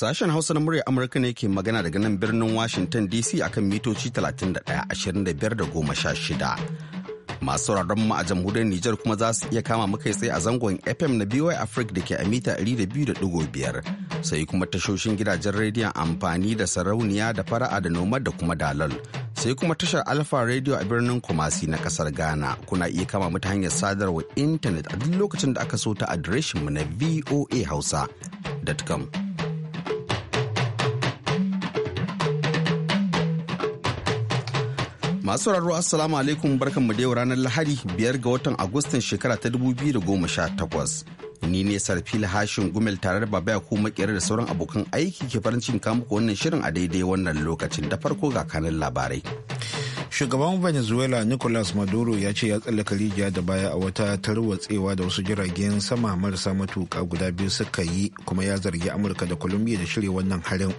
Sashen Hausa na murya Amurka ne ke magana daga nan birnin Washington DC akan mitoci 31-25-16. Masu mu a jamhuriyar Nijar kuma za su iya kama muka tsaye a zangon FM na BY Africa da ke a mita 200.5 sai kuma tashoshin gidajen rediyon amfani da sarauniya da fara'a da nomad da kuma dalal. Sai kuma tashar Alpha Radio a birnin Kumasi na kasar Ghana kuna iya kama mu ta hanyar sadarwa intanet a duk lokacin da aka so ta mu na voahausa.com. Masu sauraro Assalamu alaikum barkanmu da yau ranar Lahadi biyar ga watan Agustan shekara ta 2018. Ni ne Sarfil Hashin Gumel tare da Baba ko makera da sauran abokan aiki ke farin cikin kamuka wannan shirin a daidai wannan lokacin da farko ga kanin labarai. Shugaban Venezuela Nicolas Maduro ya ce ya tsallaka rijiya da baya a wata tarwatsewa da wasu jiragen sama marasa matuka guda biyu suka yi kuma ya zargi Amurka da Colombia da shirya wannan harin.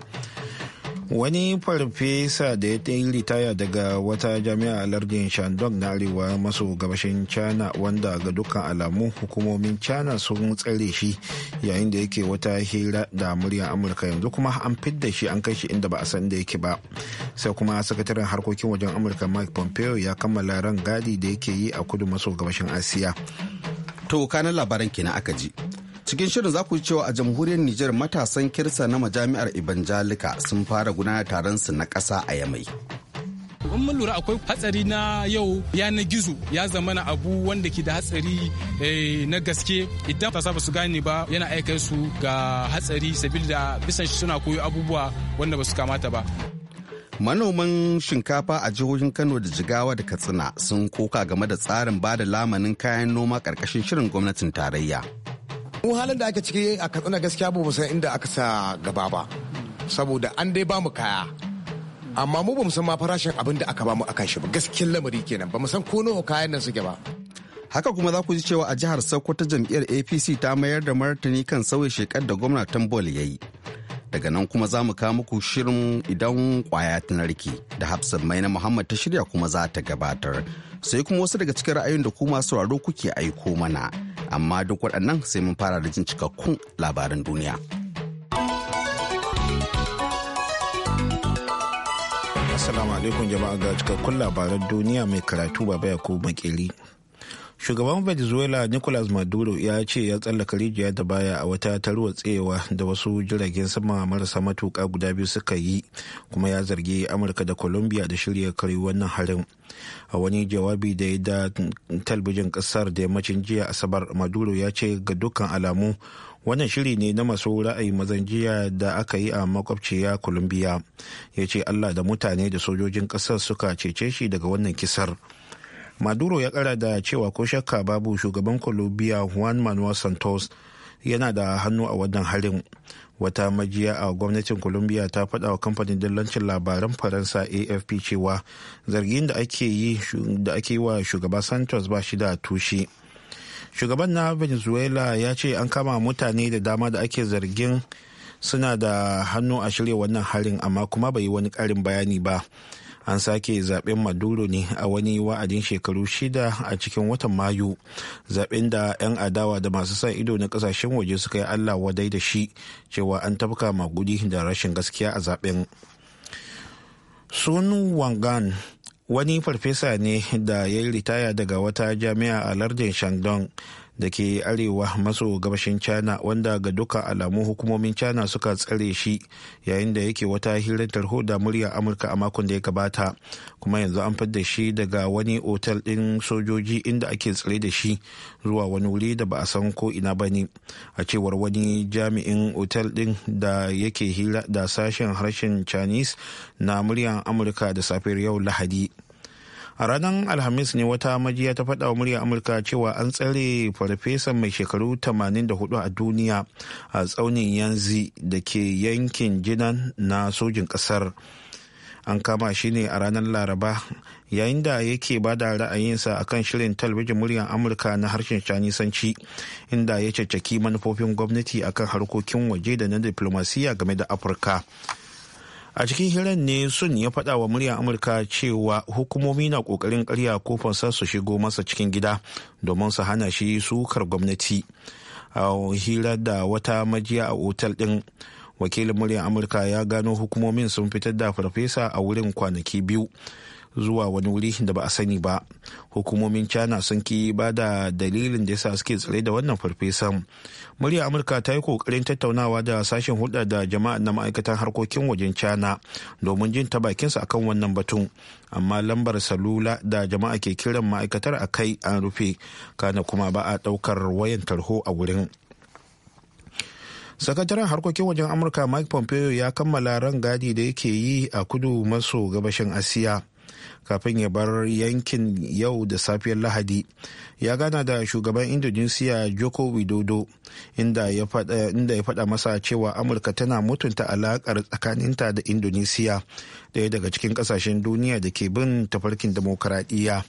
wani farfesa da ya yi ritaya daga wata jami'a a lardin shandong na arewa maso gabashin china wanda ga dukkan alamu hukumomin china sun tsare shi yayin da yake wata hira da muryar amurka yanzu kuma an fidda shi an kai shi inda ba a san da yake ba sai kuma sakataren harkokin wajen amurka mike pompeo ya kammala ran gadi da yake yi a kudu maso gabashin asiya to kanan labaran kenan aka ji cikin shirin za ku ji cewa a jamhuriyar Nijar matasan kirsa na majami'ar Ibanjalika sun fara gudanar taron su na ƙasa a Yamai. in mun lura akwai hatsari na yau yanar gizo ya zama na abu wanda ke da hatsari eh, na gaske idan ta saba su gane ba yana aika su ga hatsari sabida bisan suna koyo abubuwa wanda ba su kamata ba manoman shinkafa a jihohin kano da jigawa da katsina sun koka game da tsarin bada lamanin kayan noma ƙarƙashin shirin gwamnatin tarayya mu halin da ake ciki a katsina gaskiya ba mu san inda aka sa gaba ba saboda an dai bamu kaya amma mu ba mu san ma farashin abin da aka bamu akan shi ba gaskiyar lamari kenan ba san ko nawa kayan nan suke ba haka kuma za ku ji cewa a jihar sokoto jam'iyyar apc ta mayar da martani kan sauya shekar da gwamnatin bol ya yi daga nan kuma za mu kawo muku shirin idan kwaya ta narki da hafsan mai na muhammad ta shirya kuma za ta gabatar sai kuma wasu daga cikin ra'ayoyin da kuma sauraro kuke aiko mana amma duk waɗannan sai mun fara da jin cikakkun labaran duniya assalamu alaikum jama'a ga cikakkun labaran duniya mai karatu baba ko makeli shugaban venezuela nicolas maduro ya ce ya tsallaka rijiya da baya a wata tarwatsewa da wasu jiragen sama marasa matuka guda biyu suka yi kuma ya zargi amurka da colombia da shirya kari wannan harin a wani jawabi da ya da talbijin kasar da yammacin jiya asabar maduro ya ce ga dukkan alamu wannan shiri ne na masu ra'ayi mazan jiya da aka yi a makwabciya colombia ya ce allah da mutane da sojojin kasar suka cece shi daga wannan kisar maduro ya kara da cewa ko shakka babu shugaban colombia juan manuel santos yana da hannu a wannan harin wata majiya a gwamnatin colombia ta faɗa wa kamfanin dillancin labaran faransa afp cewa zargin da ake yi da ake wa shugaba santos ba shi da tushe shugaban na venezuela ya ce an kama mutane da dama da ake zargin suna da hannu a shirya wannan harin amma kuma bai yi wani karin bayani ba an sake zaben maduro ne a wani wa'adin shekaru shida a cikin watan mayu zaben da 'yan adawa da masu sa ido na kasashen waje suka yi allah wadai da shi cewa an tafka magudi da rashin gaskiya a zaben sun wangan wani farfesa ne da ya yi ritaya daga wata jami'a a lardin shandong da ke arewa maso gabashin china wanda ga duka alamu hukumomin china suka tsare shi yayin da yake wata hirar tarho da murya amurka a makon da ya gabata kuma yanzu an fidda shi daga wani otal ɗin sojoji inda ake tsare da shi zuwa wani wuri da ba a san ko ina ba ne a cewar wani jami'in otal ɗin da yake hira da sashen harshen chinese na muryar amurka da safiyar yau lahadi a ranar alhamis ne wata majiya ta faɗa wa muryar amurka cewa an tsare farfesa mai shekaru 84 a duniya a tsaunin yanzi da ke yankin jinan na sojin ƙasar an kama shi ne a ranar laraba yayin da yake ba da ra'ayinsa a kan shirin talabijin muryar amurka na harshen canisanci inda ya caccaki manufofin gwamnati akan harkokin waje da na diplomasiya game da afirka a cikin hirar ne sun ya faɗa wa muryar amurka cewa hukumomi na ƙoƙarin karya sa su shigo masa cikin gida domin su hana shi sukar gwamnati a hira da wata majiya a otal ɗin wakilin muryar amurka ya gano hukumomin sun fitar da farfesa a wurin kwanaki biyu zuwa wani wuri da ba a sani ba hukumomin china sun ki ba da dalilin da yasa suke tsare da wannan farfesan murya amurka ta yi kokarin tattaunawa da sashen hulɗa da jama'a na ma'aikatan harkokin wajen china domin jin ta bakinsa akan wannan batun amma lambar salula da jama'a ke kiran ma'aikatar a kai an rufe kana kuma ba a ɗaukar wayan tarho a wurin sakataren harkokin wajen amurka mike pompeo ya kammala ran gadi da yake yi a kudu maso gabashin asiya kafin ya bar yankin yau da safiyar lahadi ya gana da shugaban indonesiya joko widodo inda ya faɗa masa cewa amurka tana mutunta alaƙar tsakaninta da indonesiya ɗaya daga cikin ƙasashen duniya da ke bin tafarkin demokaradiyya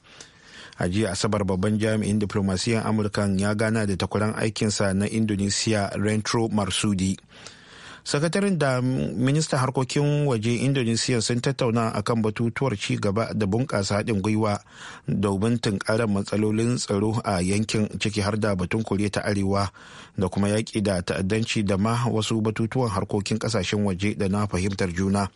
a jiya asabar babban jami'in diplomasiyan amurkan ya gana da takwaran aikinsa na indonesiya rentro marsudi sakataren da ministan harkokin waje indonesiya sun tattauna akan batutuwar ci gaba da bunƙasa haɗin gwiwa domin tunkarar matsalolin tsaro a yankin ciki har da batun koriya ta arewa da kuma yaƙi da ta'addanci da ma wasu batutuwan harkokin ƙasashen waje da na fahimtar juna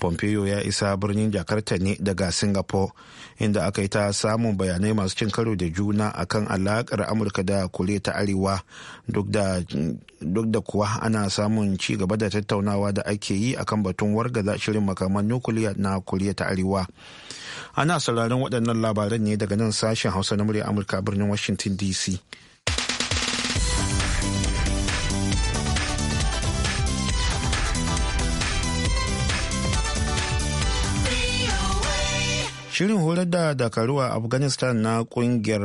pompeo ya isa birnin jakarta ne daga singapore inda aka yi ta samun bayanai masu cin karo da juna akan alakar amurka da kure ta arewa duk da kuwa ana samun ci gaba da tattaunawa da ake yi akan batun wargaza shirin makaman nukuliya na kure ta arewa ana sauraron waɗannan labaran ne daga nan sashen hausa na murya amurka birnin washington dc shirin horar da dakaru a afghanistan na kungiyar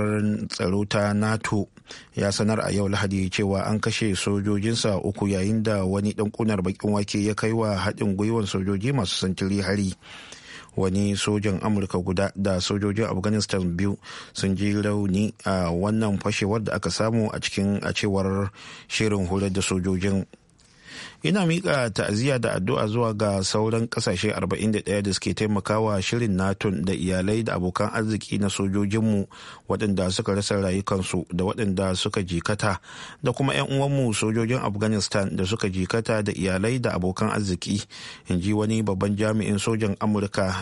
tsaro ta nato ya sanar a yau lahadi cewa an kashe sojojinsa uku yayin da wani dan kunar bakin wake ya kai wa haɗin gwiwar sojoji masu santiri hari wani sojan amurka guda da sojojin afghanistan biyu sun ji rauni a wannan fashewar da aka samu a cikin a cewar shirin horar da sojojin yana mika ta'aziyya da addu'a zuwa ga sauran ƙasashe 41 da suke taimakawa shirin nato da iyalai da abokan arziki na sojojinmu waɗanda suka rasa rayukansu da waɗanda suka jikata da kuma 'yan uwanmu sojojin afghanistan da suka jikata da iyalai da abokan arziki in ji wani babban jami'in sojan amurka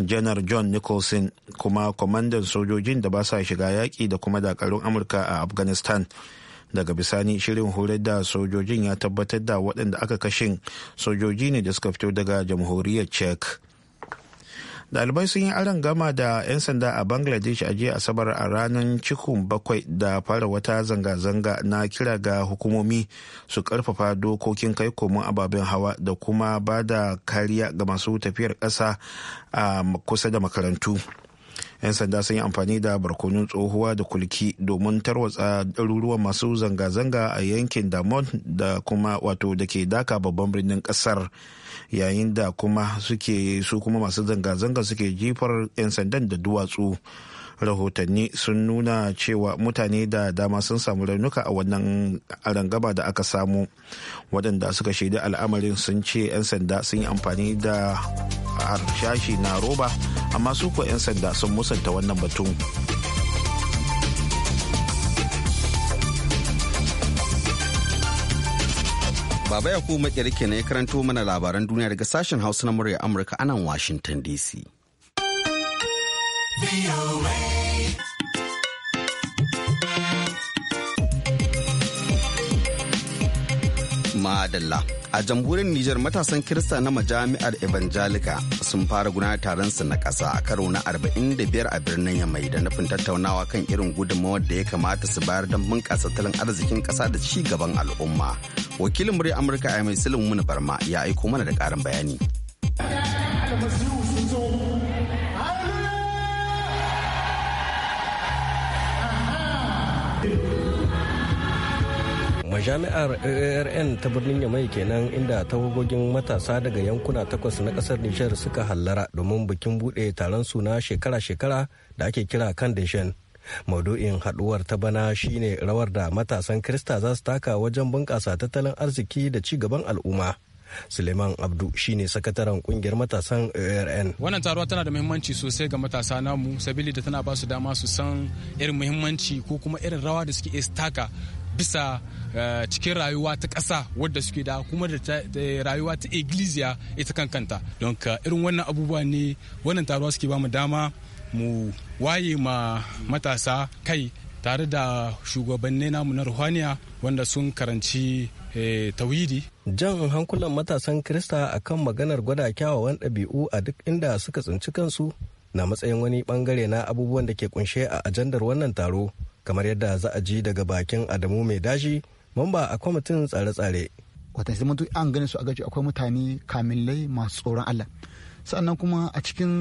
janar john nicholson kuma kwamandan sojojin da ba sa shiga yaƙi da kuma dakarun amurka a afghanistan daga bisani shirin horar da sojojin ya tabbatar da waɗanda aka kashin sojoji ne da suka fito daga jamhuriyar czech dalibai sun yi aron gama da 'yan sanda a bangladesh a jiya asabar a ranar cikin bakwai da fara wata zanga-zanga na kira ga hukumomi su karfafa dokokin kai komin ababen hawa da kuma ba da kariya ga masu tafiyar ƙasa a kusa da makarantu 'yan sanda sun yi amfani da barkonun tsohuwa da kulki domin tarwatsa ɗaruruwan masu zanga-zanga a yankin damon da kuma wato da ke daka babban birnin ƙasar yayin da kuma su kuma masu zanga-zanga suke jifar 'yan sandan da duwatsu rahotanni sun nuna cewa mutane da dama sun samu raunuka a wannan arangaba da aka samu waɗanda suka shaidi al'amarin sun ce 'yan sanda sun yi amfani da harshashi na roba amma su ko 'yan sanda sun musanta wannan batun. Baba ya kuma makirke ne ya karanto mana labaran duniya daga sashen Hausa na murya Amurka anan Washington DC. Madalla. A jamhuriyar Nijar matasan Kirista na majami'ar Evangelika sun fara gudanar taron su na ƙasa a karo na 45 a birnin Yamai da nufin tattaunawa kan irin gudunmawar da ya kamata su bayar don bunƙasa tattalin arzikin ƙasa da ci gaban al'umma. Wakilin murya Amurka a mai Sulaimu Barma ya aiko mana da ƙarin bayani. majami'ar arn ta birnin yamai kenan inda tawagogin matasa daga yankuna takwas na kasar nijar suka hallara domin bikin bude taron suna shekara-shekara da ake kira kan deshen maudu'in haduwar ta bana shine rawar da matasan krista za su taka wajen bunƙasa tattalin arziki da ci gaban al'umma suleiman abdu shine sakataren kungiyar matasan arn wannan taruwa tana da muhimmanci sosai ga matasa namu sabili da tana ba su dama su san irin muhimmanci ko kuma irin rawa da suke taka bisa eh, cikin rayuwa ta ƙasa wadda suke da kuma da rayuwa ta iglesia ita kankanta don ka irin wannan abubuwa ne wannan taruwa suke ba mu dama mu waye ma matasa kai tare da shugabanni namu na ruhaniya wanda sun karanci eh, tawhidi jan hankulan matasan krista akan maganar gwada kyawawan ɗabi'u a duk inda suka tsinci kansu na matsayin wani bangare na abubuwan da ke kunshe a ajandar wannan taro kamar yadda za a ji daga bakin adamu mai daji mamba a kwamitin tsare-tsare wata sai mutu an gani su a gaji akwai mutane kamillai masu tsoron allah sannan kuma a cikin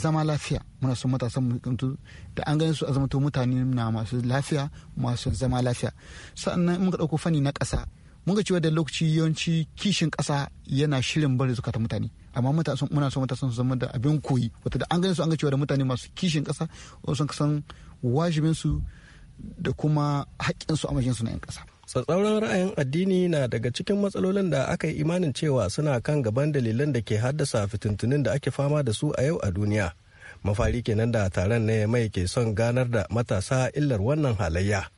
zama lafiya muna son matasan mutu da an gani su a zamanto mutane na masu lafiya masu zama lafiya sannan mun ka ɗauko fani na ƙasa mun ga cewa da lokaci yawanci kishin ƙasa yana shirin bari zukata mutane amma muna son matasan su zama da abin koyi wata da an gani su an ga cewa da mutane masu kishin ƙasa sun kasan wajibin su da kuma haƙƙinsu a mashinsu na 'yan ƙasa. tsatsauran ra'ayin addini na daga cikin matsalolin da aka yi imanin cewa suna kan gaban dalilan da ke haddasa fitintunin da ake fama da su a yau a duniya mafari kenan da taron na mai ke son ganar da matasa illar wannan halayya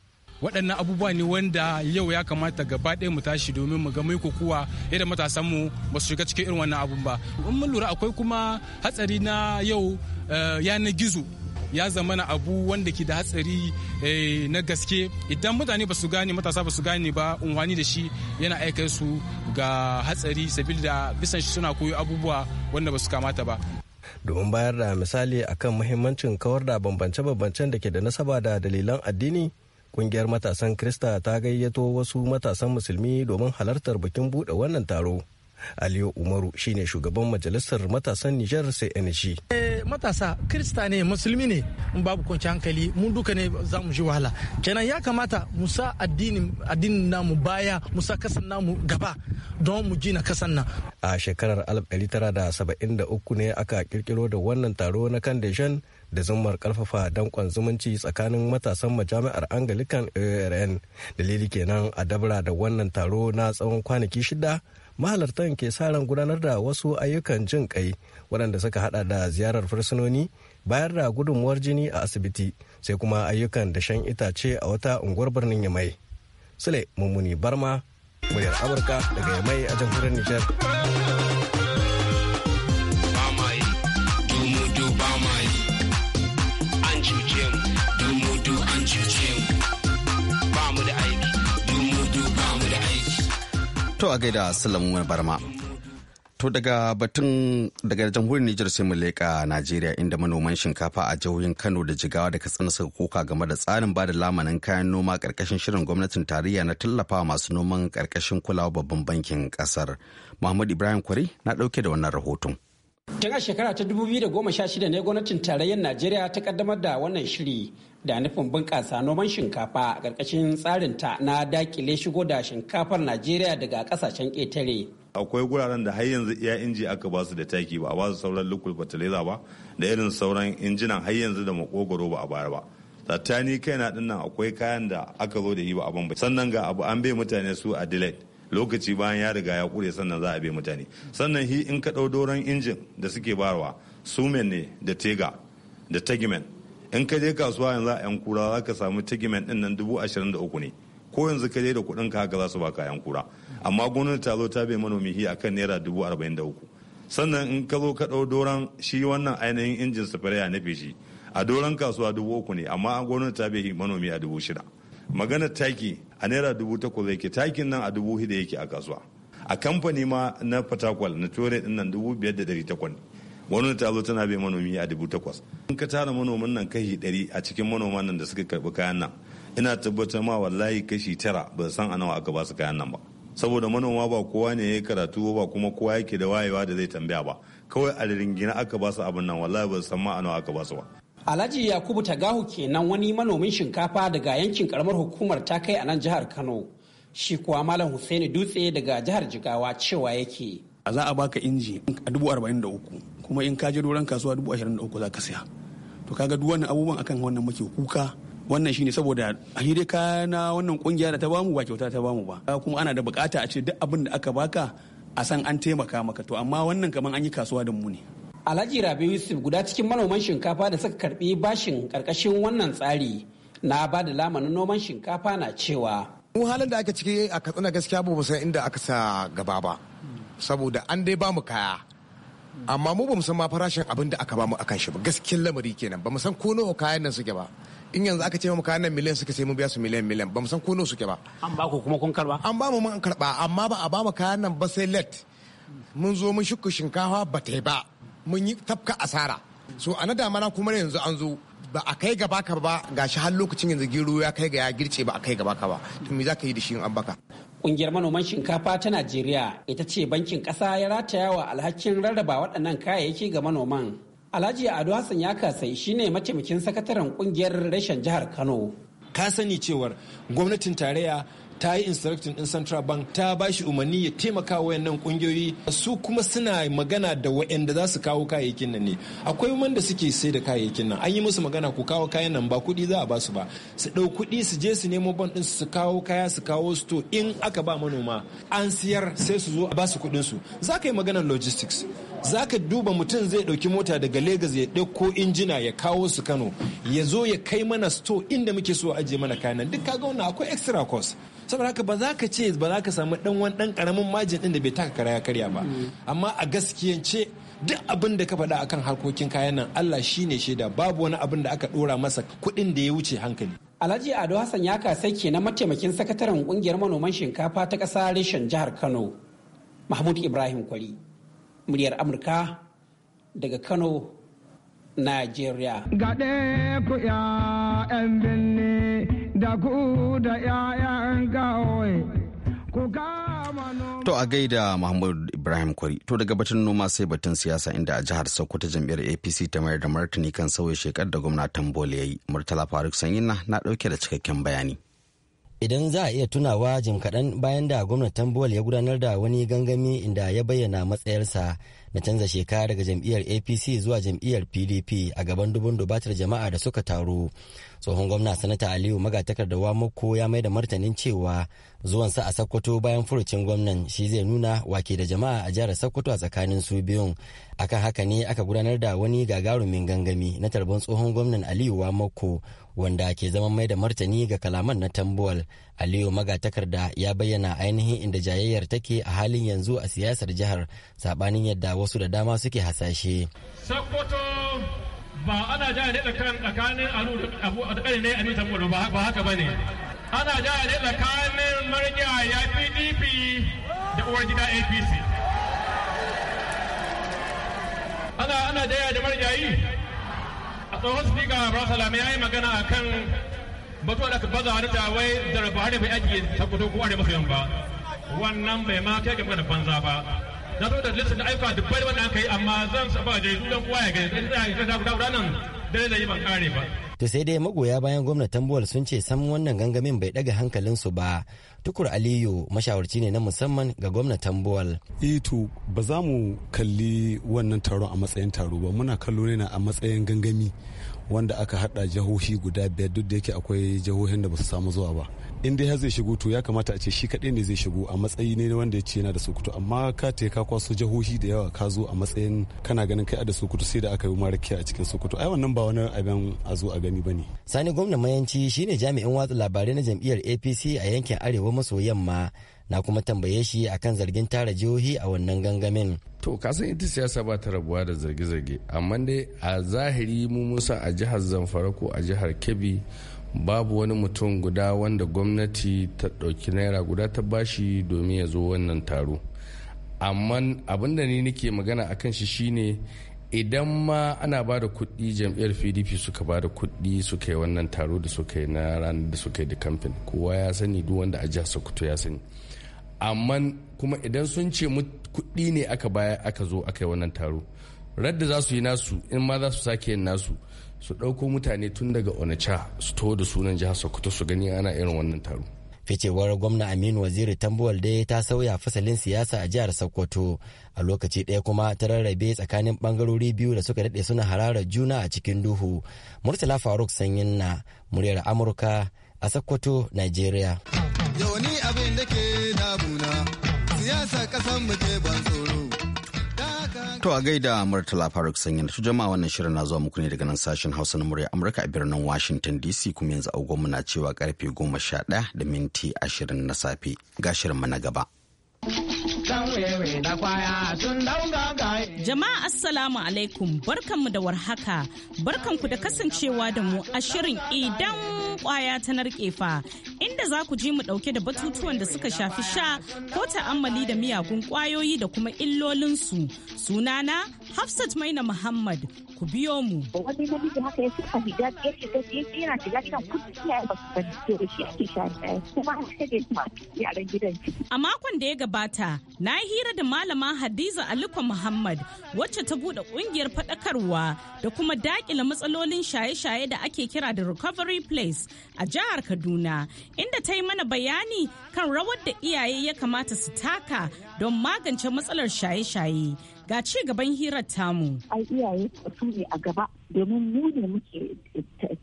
waɗannan abubuwa ne wanda yau ya kamata gaba ɗaya mu tashi domin mu ga mai kokuwa yadda matasan mu ba su shiga cikin irin wannan abun ba in mun lura akwai kuma hatsari na yau eh, yanar gizo ya zama na abu wanda ke da hatsari eh, na gaske idan mutane ba su gane matasa ba su gane ba unwani da shi yana aika su ga hatsari sabida bisan shi suna koyo abubuwa wanda ba su kamata ba domin bayar da misali akan muhimmancin kawar da bambance-bambancen da ke da nasaba da dalilan addini kungiyar matasan krista ta gayyato wasu matasan musulmi domin halartar bikin buɗe wannan taro Aliyu Umaru shine shugaban majalisar matasan Nijar sai NG. Eh, matasa Kirista ne musulmi ne in babu kwanci hankali mun duka ne za mu ji wahala. Kenan ya kamata mu sa addinin namu baya mu sa kasan namu gaba don mu gina kasan nan. A shekarar 1973 ne aka kirkiro da wannan taro na kan shan da zummar karfafa kwan zumunci tsakanin matasan majami'ar Anglican ARN. Dalili kenan a dabra da wannan taro na tsawon kwanaki shida mahalartan ke sa ran gudanar da wasu ayyukan jin kai waɗanda suka hada da ziyarar fursunoni bayar da gudunmuwar jini a asibiti sai kuma ayyukan da shan itace a wata unguwar birnin yamai sule mummuni barma muryar amurka daga yamai a jamhuriyar nijar To a gaida Salamu Barma. To daga batun daga jamhuriyar Nijar sai mu leƙa Najeriya inda manoman shinkafa a jihohin Kano da Jigawa da Katsina suka koka game da tsarin bada lamanin kayan noma karkashin shirin gwamnatin tarayya na tallafa masu noman karkashin kulawa babban bankin ƙasar, Muhammad Ibrahim Kwari na ɗauke da wannan rahoton. Tun a shekara ta dubu biyu sha shida ne gwamnatin tarayyar Najeriya ta kaddamar da wannan shiri da nufin bunƙasa noman shinkafa a ƙarƙashin ta na dakile shigo da shinkafar Najeriya daga ƙasashen ƙetare. Akwai guraren da har yanzu iya inji aka ba su da taki ba a ba su sauran liquid fertilizer ba da irin sauran injinan har yanzu da makogoro ba a bayar ba. Tattani kaina dinnan akwai kayan da aka zo da yi ba a ba. Sannan ga abu an bai mutane su a Adelaide. lokaci bayan ya riga ya kure sannan za a bai mutane sannan hi in ka ɗau doron injin da suke barwa sumen ne da tega da tagimen in ka je kasuwa yanzu a yan kura za ka samu tagimen din nan dubu ashirin da uku ne ko yanzu ka je da kuɗin ka haka za su baka yan kura amma gwamnati ta zo ta bai manomi hi akan naira dubu arba'in da uku sannan in ka zo ka ɗau doron shi wannan ainihin injin sufuriya na feshi a doron kasuwa dubu uku ne amma gwamnati ta bai manomi a dubu shida maganar taki a naira dubu takwas yake takin nan a dubu hida yake a kasuwa a kamfani ma na fatakwal na tore din nan dubu biyar da dari takwas wani ta zo tana bai manomi a dubu takwas in ka tara manoman nan kashi dari a cikin manoman nan da suka karbi kayan nan ina tabbatar ma wallahi kashi tara ba san a nawa aka ba su kayan nan ba saboda manoma ba kowa ne ya karatu ba kuma kowa yake da wayewa da zai tambaya ba kawai a gina aka ba su abin nan wallahi ba san ma a nawa aka ba su ba Alhaji Yakubu Tagahu kenan wani manomin shinkafa daga yankin karamar hukumar ta kai a nan jihar Kano. Shi kuwa Malam Hussaini Dutse daga jihar Jigawa cewa yake. A za a baka inji a dubu arba'in da uku kuma in ka je doron kasuwa dubu ashirin da uku za ka siya. To kaga duk wannan abubuwan akan wannan muke kuka wannan shine saboda a dai kaya na wannan kungiya da ta bamu ba kyauta ta bamu ba kuma ana da bukata a ce duk abin da aka baka a san an taimaka maka to amma wannan kaman an yi kasuwa da mu ne Alhaji Rabi Yusuf guda cikin manoman shinkafa da suka karbi bashin karkashin wannan tsari na ba da lamanin noman shinkafa na cewa. Mu halin da ake ciki a katsina gaskiya ba san inda aka sa gaba ba. Saboda an dai ba mu kaya. Amma mu ba mu san ma farashin abin da aka ba mu akan shi ba gaskiyar lamari kenan ba mu san ko nawa kayan nan suke ba. in yanzu aka ce mu kayan miliyan suka sai mu biya su miliyan miliyan ba mu san ko nawa suke ba an ba ku kuma kun karba an ba mu mun karba amma ba a ba mu kayan nan ba sai let mun zo mun shuka shinkafa ba ta ba mun yi tafka asara so a na damana kuma yanzu an zo ba a kai gaba ka ba gashi har lokacin yanzu gero ya kai ga ya girce ba a kai gaba ka ba to me zaka yi da shi in an baka Ƙungiyar manoman shinkafa ta Najeriya ita ce bankin ƙasa ya rataya wa alhakin rarraba waɗannan kayayyaki ga manoman. Alhaji Ado Hassan ya kasai shine mataimakin sakataren kungiyar reshen jihar Kano. Ka sani cewar gwamnatin tarayya ta yi instructin din central bank ta ba shi umarni ya taimaka wa wayannan kungiyoyi su kuma suna magana da wayanda za su kawo kayayyakin nan ne akwai wanda suke sai da kayayyakin nan an yi musu magana ku kawo kayan nan ba kuɗi za a ba su ba su ɗau kuɗi su je su nemo ban din su kawo kaya su kawo sto in aka ba manoma an siyar sai su zo a ba su kuɗin su za ka yi maganar logistics za ka duba mutum zai ɗauki mota daga Legas ya ɗauko injina ya kawo su Kano ya zo ya kai mana sto inda muke so a ajiye mana kayan nan duk kaga wannan akwai extra cost saboda haka ba za ka ce ba za ka samu dan wani dan karamin majin din da bai taka kara karya ba amma a ce duk abin da ka faɗa akan harkokin kayan nan Allah shine shaida babu wani abin da aka dora masa kuɗin da ya wuce hankali Alhaji Ado Hassan ya kasa ke na mataimakin sakataren kungiyar manoman shinkafa ta ƙasa reshen jihar Kano Mahmud Ibrahim Kwari muryar Amurka daga Kano Najeriya. Gaɗe ku 'ya'yan birni da ku da 'ya'yan ku kama To a gaida Muhammadu Ibrahim Kwari. To daga batun noma sai batun siyasa inda a jihar Sokoto jam'iyyar APC ta mayar da martani kan sauya shekar da Tambole ya yi Murtala Faruk Sanyina na dauke da cikakken bayani. Idan za a iya tunawa jim kaɗan bayan da gwamnatin Bole ya gudanar da wani gangami inda ya bayyana matsayarsa na canza shekara daga jam'iyyar apc zuwa jam'iyyar pdp a gaban dubun dubatar jama'a da suka taru tsohon gwamna sanata aliyu magatakarda wamako ya mai da martanin cewa zuwansa a sokoto bayan furucin gwamnan shi zai nuna wake da jama'a a jihar sokoto a tsakanin su biyun akan haka ne aka gudanar da wani gagarumin gangami na tarban tsohon gwamnan aliyu wamako wanda ke zama mai da martani ga kalaman na tambuwal aliyu magatakarda ya bayyana ainihin inda jayayyar take a halin yanzu a siyasar jihar sabanin yadda wasu da dama suke hasashe sokoto ba ana jaya ne tsakanin abu a ne a nisan kudu ba haka ba ne ana jaya ne tsakanin marigaya pdp da uwar gida apc ana ana jaya da marigayi a tsohon spika abraham salami ya yi magana a kan. ba to ba ka baza wani tawai da rabani bai ajiye sakkwato ko arewa masu ba wannan bai ma kai game da banza ba na zo da listin aika dubbai wanda aka yi amma zan saba da yanzu dan kowa ya gani dan da ta guda guda nan dai da yi ban kare ba to sai dai magoya bayan gwamnatin Buwal sun ce san wannan gangamin bai daga hankalinsu ba tukur aliyu mashawarci ne na musamman ga gwamnatin buwal eh to ba za mu kalli wannan taron a matsayin taro ba muna kallo ne a matsayin gangami wanda aka hada jihohi guda biyar duk da yake akwai jihohin da ba su samu zuwa ba in dai har zai shigo to ya kamata a ce shi kaɗai ne zai shigo a matsayi ne wanda ya ce yana da sokoto amma ka ta ka kwaso jihohi da yawa ka zo a matsayin kana ganin kai a da sokoto sai da aka yi mara a cikin sokoto ai wannan ba wani abin a zo a gani bane sani gwamnan mayanci shine jami'in watsa labarai na jam'iyyar apc a yankin arewa maso yamma na kuma tambaye shi akan zargin tara jihohi a wannan gangamin to kasan ita siyasa ba ta rabuwa da zarge-zarge amma dai a zahiri mu musa a jihar zamfara ko a jihar kebbi babu wani mutum guda wanda gwamnati ta ɗauki naira guda ta bashi domin ya zo wannan taro amma abinda ni nake magana akan shi shine idan ma ana ba da kuɗi jam'iyyar pdp suka ba da kuɗi suka yi wannan taro da suka yi na ranar da suka yi da kamfen kowa ya sani duk wanda a jihar sokoto ya sani amma kuma idan sun ce kuɗi ne aka baya aka zo aka yi wannan taro radda za su yi nasu in ma za su sake yin nasu su ɗauko mutane tun daga onacha su taho da sunan jihar sokoto su gani ana irin wannan taro ficewar gwamna aminu waziri tambuwal dai ta sauya fasalin siyasa a jihar sokoto a lokaci ɗaya kuma ta rarrabe tsakanin bangarori biyu da suka daɗe suna harara juna a cikin duhu murtala faruk sanyin na muryar amurka a sokoto nigeria yawani abin da ke damuna siyasa kasan ke ban tsoro To a gaida Murtala Faruk Sanyin su jama'a wannan shirin na zuwa muku ne daga nan sashen Hausa na murya Amurka a birnin Washington DC kuma yanzu agogonmu na cewa karfe goma sha ɗaya da minti ashirin na safe ga shirinmu na gaba. Jama'a Assalamu alaikum barkanmu da warhaka barkanku da kasancewa da mu a shirin idan kwaya ta narke fa inda za ku ji mu dauke da batutuwan da suka shafi sha ko ta'ammali da miyagun kwayoyi da kuma illolinsu sunana hafsat maina muhammad ku biyo mu. A makon da ya gabata na hira da malama Hadiza Alikwa Muhammad wacce ta bude kungiyar fadakarwa da kuma dakile matsalolin shaye-shaye da ake kira da Recovery Place a jihar Kaduna inda ta yi mana bayani kan rawar da iyaye ya kamata su taka don magance matsalar shaye-shaye. Ga ci gaban hirar tamu. Ai iyaye su ne a gaba domin mu ne muke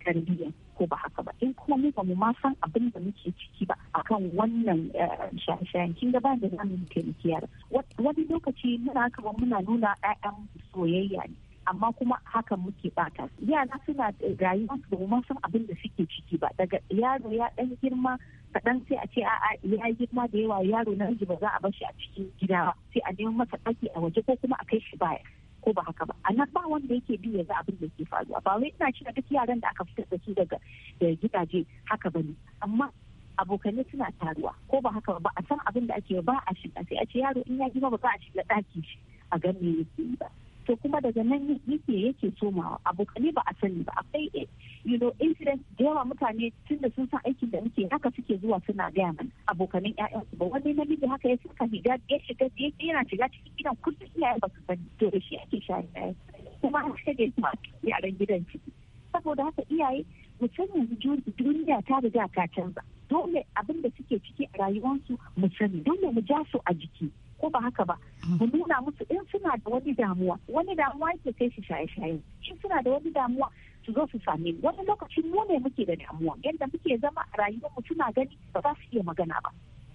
tarbiyya ko ba haka ba. In kuma mu ba mu ma san abin da muke ciki ba akan wannan eh, shaye-shayen kin gaba da zamu taimaki yara. Wani lokaci muna ba muna nuna 'ya'yan soyayya ne. amma kuma hakan muke bata yara suna rayuwa su domin san abin da suke ciki ba daga yaro ya dan girma kaɗan sai a ce a ya girma da yawa yaro na ba za a bar shi a cikin gida ba sai a nemi masa ɗaki a waje ko kuma a kai shi baya ko ba haka ba anan ba wanda yake bi yanzu abin da yake faruwa ba wai ina cewa duk yaran da aka fitar da su daga gidaje haka ba ne amma abokanai suna taruwa ko ba haka ba a san abin da ake ba a shiga sai a ce yaro in ya girma ba za a shiga ɗaki shi a gan me yake yi ba to kuma daga nan yake yake somawa abokane ba a sani ba akwai eh, you know incident da yawa mutane tun da sun san aikin da muke haka suke zuwa suna gaya mana abokanin ƴaƴan su ba wani namiji haka ya suka higa ya shiga yana shiga cikin gidan kullum iyaye ba su sani to da shi ake shaye kuma a shige ma yaran gidan ciki saboda haka iyaye musamman duniya ta riga ta canza dole abin da suke ciki a rayuwarsu mu sani dole mu ja su a jiki ko ba haka ba mm. mu nuna musu in suna da wani damuwa wani damuwa yake kai shi shaye-shaye in suna da wani damuwa su zo su same wani lokaci mu ne muke da damuwa yadda muke zama a rayuwar mu suna gani ba za su iya magana ba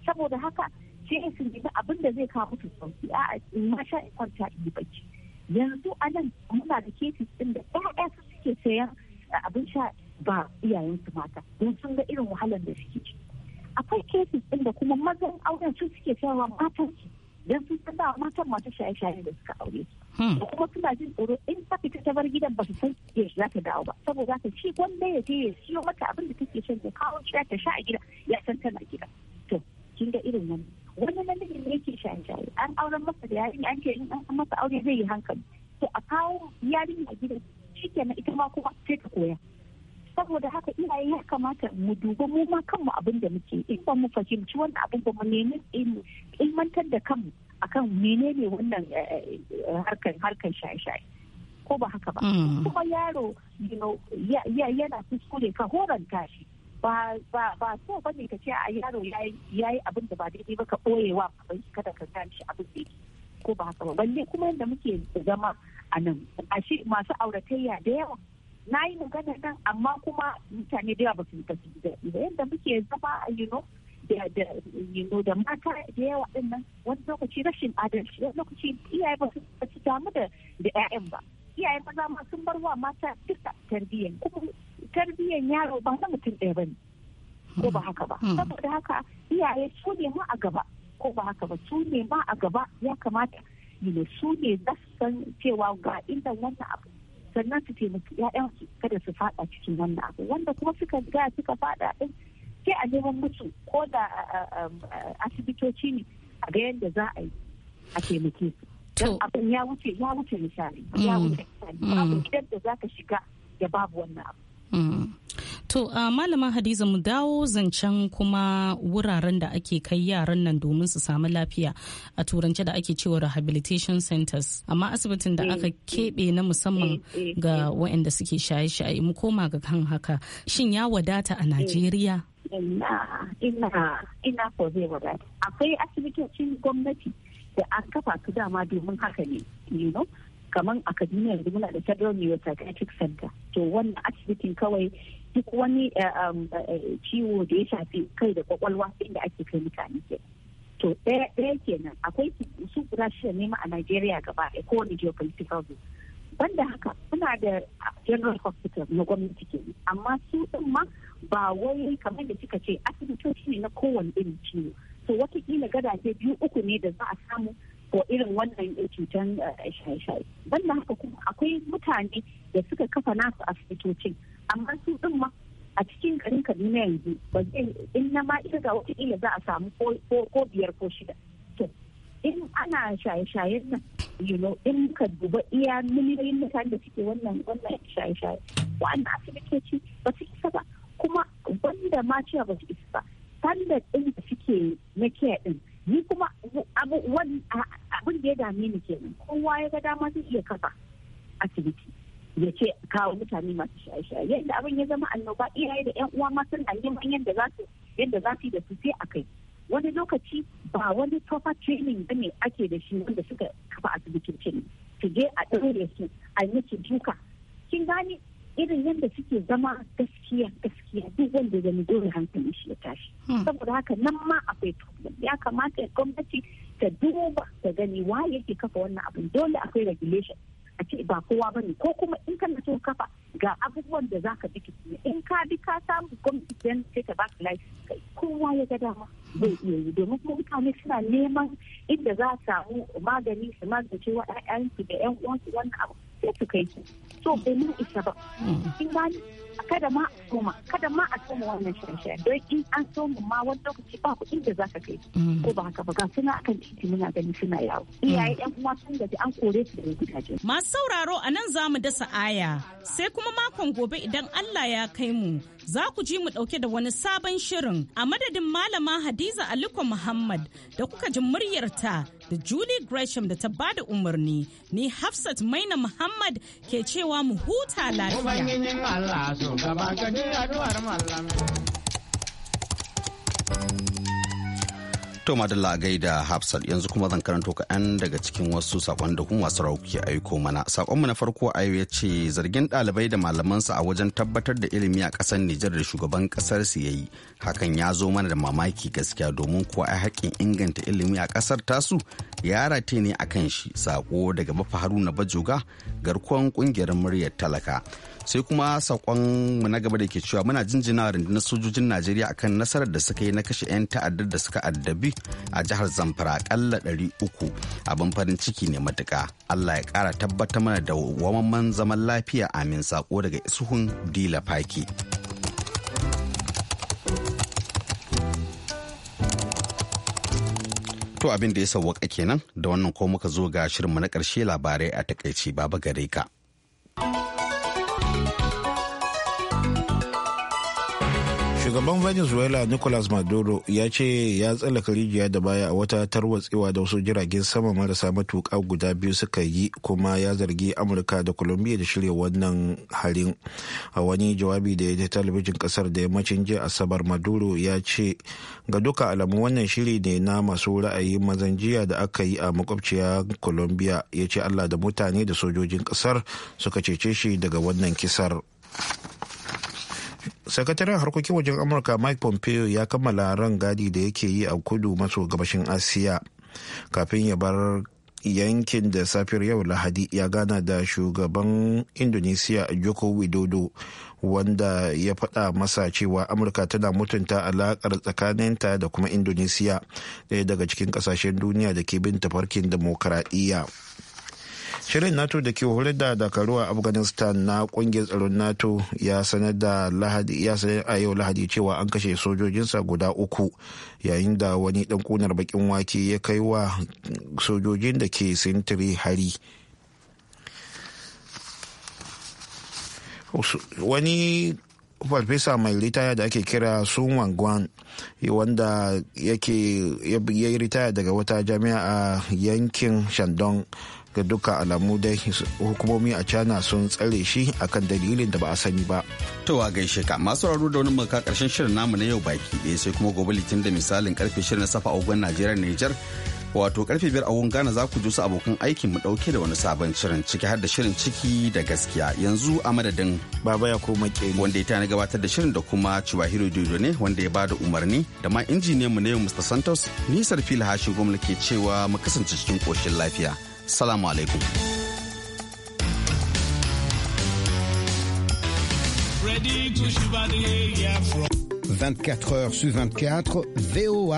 saboda haka sai su nemi abin da zai kawo musu sauki a in ma sha in kwanta in yi bacci yanzu a nan muna da kesis ɗin da ɗaya su suke sayan abin sha ba iyayensu mata don sun ga irin wahalar da suke akwai kesis ɗin da kuma mazan auren su suke sayarwa matansu don sun san ba matan masu shaye-shaye da suka aure hmm. da kuma suna jin tsoro in ta fita ta bar gidan ba su san ya za ta dawo ba saboda ta ci wanda ya je ya siyo mata abin da take shan ya kawo shi ta sha a gida ya san tana gida to kin ga irin nan wani namijin da yake shaye-shaye an auren masa da yarinya an ke yin an masa aure zai yi hankali to a kawo yarin a gidan shi kenan ita ma kuma sai ta koya saboda haka iyaye ya kamata mu duba mu ma kanmu abin da muke in ba mu fahimci wannan abin ba mu nemi ilmantar da kanmu akan menene wannan eh, eh, harkar shaye-shaye ko ba haka ba mm. kuma yaro yana kuskure ka horanta shi ba so ba ne ka ce a yaro ya yi abin da ba daidai ba ka ɓoyewa ba kada ka gane shi abin da ko ba haka ba balle kuma yadda muke zama a nan masu auratayya da yawa na yi magana nan amma kuma mutane da yawa ba su ji da ba yadda muke zama yi no da mata da yawa din nan wani lokaci rashin adalci wani lokaci iyaye ba su damu da da ƴaƴan ba iyaye maza ma sun bar wa mata duka tarbiyyan kuma tarbiyyan yaro ba na mutum ɗaya ne ko ba haka ba hmm. Hmm. saboda haka iyaye su ne ma a gaba ko ba haka ba su ne ma a gaba ya kamata su ne za su san cewa ga inda wannan abu sannan su taimaki su kada su fada cikin wannan abu wanda kuma suka ga suka fada din sai a neman mutu ko da asibitoci ne a ga yadda za a yi a taimake su don abin ya wuce ya wuce misali ya mm. wuce misali babu mm. gidan da za ka shiga ya babu wannan abu mm. To a malama Hadiza mu dawo zancen kuma wuraren da ake kai yaran nan domin su samu lafiya a turance da ake cewa rehabilitation centers amma asibitin da aka mm, mm. keɓe na musamman mm, ga waɗanda suke shaye-shaye mu koma ga kan haka shin ya wadata a Najeriya? Ina ina ina ko zai wadata. Akwai asibitocin gwamnati da an kafa su dama domin haka ne, you kamar a yanzu muna da federal neuropsychiatric center to wannan asibitin kawai duk wani eh, um, eh, ciwo da ya shafi kai da kwakwalwa inda ake kai mutane ke to ɗaya kenan akwai su guda shida nema a Najeriya gaba ko kowane geopolitical view banda haka suna da general hospital na gwamnati ke amma su ɗin ma ba wai kamar da kika ce asibitoci ne na kowane irin ciwo to watakila gadaje biyu uku ne da za a samu ko irin wannan eh, cutan shaye-shaye banda haka kuma akwai mutane da suka kafa nasu asibitocin amma su din ma a cikin garin kaduna yanzu ba zai in na ma ita ga wata ila za a samu ko biyar ko shida to in ana shaye-shayen nan you know in ka duba iya miliyoyin mutane da suke wannan wannan shaye-shaye wa'anda asibitoci ba su isa ba kuma wanda ma cewa ba su isa ba standard din da suke na care din ni kuma abun da ya dame ni kenan kowa ya ga dama zai iya kafa asibiti ya ce kawo mutane masu shaye-shaye yadda abin ya zama annoba iyaye da yan uwa ma suna neman yadda za su yadda za su da su sai a kai wani lokaci ba wani proper training ba ne ake da shi wanda suka kafa asibitin ce su je a ɗaure su a yi musu duka kin gane irin yadda suke zama gaskiya gaskiya duk wanda gani dole hankali shi ya tashi hmm. saboda haka nan ma akwai problem ya kamata gwamnati ta duba ta gani wa yake kafa wannan abin dole akwai regulation a ce ba kowa bane ko kuma in kana so kafa ga abubuwan da za ka kitine in ka bi ka samu gwamnati dan sai ta baka license kowa ya ga dama zai iya yi domin kuma mutane suna neman inda za su samu magani su magance wa ƴaƴansu da ƴan uwansu wannan abu sai su kai su so bai mun isa ba hmm. in kada ma a soma kada ma a soma wannan shirin shaye don in an soma ma wani lokaci ba kuɗin da ka kai mm. ko ba haka ba ga suna akan titi muna gani suna yawo mm. iyaye yan uwa sun gaji an kore su da gidaje masu sauraro a nan za mu dasa aya sai kuma makon gobe idan Allah ya kai mu za ku ji mu ɗauke da wani sabon shirin a madadin malama Hadiza Aliko Muhammad da kuka ji muryarta da Julie Gresham da ta bada umarni ni Hafsat Maina Muhammad ke cewa mu huta lafiya. Shugaban gajiyar duwar mallame. To madalla gaida Hafsat yanzu kuma zan karanto kaɗan daga cikin wasu sakon da kuma masu rauki aiko mana. Sakonmu na farko a yau ya ce zargin ɗalibai da malamansa a wajen tabbatar da ilimi a ƙasar Nijar da shugaban ƙasar su yayi. Hakan ya zo mana da mamaki gaskiya domin kuwa ai haƙƙin inganta ilimi a ƙasar tasu ya rate ne a kan shi. Sako daga Bafa Haruna Bajoga garkuwan ƙungiyar muryar talaka. sai kuma sakon mu na gaba da ke cewa muna jinjina rundunar sojojin najeriya akan nasarar da suka yi na kashe 'yan ta'addar da suka addabi a jihar zamfara akalla ɗari uku abin farin ciki ne matuka allah ya ƙara tabbatar mana da wamman zaman lafiya amin sako daga isuhun dila faki To abin da ya sauwaƙa kenan da wannan ko muka zo ga shirinmu na ƙarshe labarai a takaici baba gare ka. shugaban venezuela nicolas maduro ya ce ya tsallaka rijiya da baya a wata tarwatsewa da wasu jiragen sama marasa matuƙa guda biyu suka yi kuma ya zargi amurka da colombia da shirya wannan harin a wani jawabi da ya ta talabijin kasar da yammacin jiya asabar maduro ya ce ga duka alamu wannan shiri ne na masu ra'ayin mazan jiya da aka yi a makwabciya colombia ya ce allah da mutane da sojojin kasar suka cece shi daga wannan kisar. sakataren harkokin wajen amurka mike pompeo ya kammala ran gadi da yake yi a kudu maso gabashin asiya kafin ya bar yankin da safiyar yau lahadi ya gana da shugaban indonesiya joko widodo wanda ya faɗa masa cewa amurka tana mutunta alaƙar tsakaninta da kuma indonesiya ɗaya daga cikin ƙasashen duniya da ke bin tafarkin demokaradiyya. shirin nato da ke horar da dakaru a afghanistan na kungiyar tsaron nato ya sanar da lahadi ya sanar a yau lahadi cewa an kashe sojojinsa guda uku yayin da wani dan kunar bakin wake ya kai wa sojojin da ke sintiri hari wani farfesa mai ritaya da ake kira sun wangwan wanda yake ya yi ritaya daga wata jami'a a yankin shandong ga duka alamu dai hukumomi a china sun tsare shi akan dalilin da ba a sani ba to a gaishe ka masu raro da wani maka karshen shirin namu na yau baki ɗaya sai kuma gobe litin da misalin karfe shirin na safa agogon najeriya niger wato karfe biyar a gana za ku ji su abokan aikin mu dauke da wani sabon shirin ciki har da shirin ciki da gaskiya yanzu a madadin baba ya koma ke wanda ya tana gabatar da shirin da kuma chiwahiro dodo ne wanda ya bada umarni da ma injiniyan mu yau mr santos nisar fil hashi gwamna ke cewa mu kasance cikin koshin lafiya Salam alaikum. 24 heures sur 24, VOA.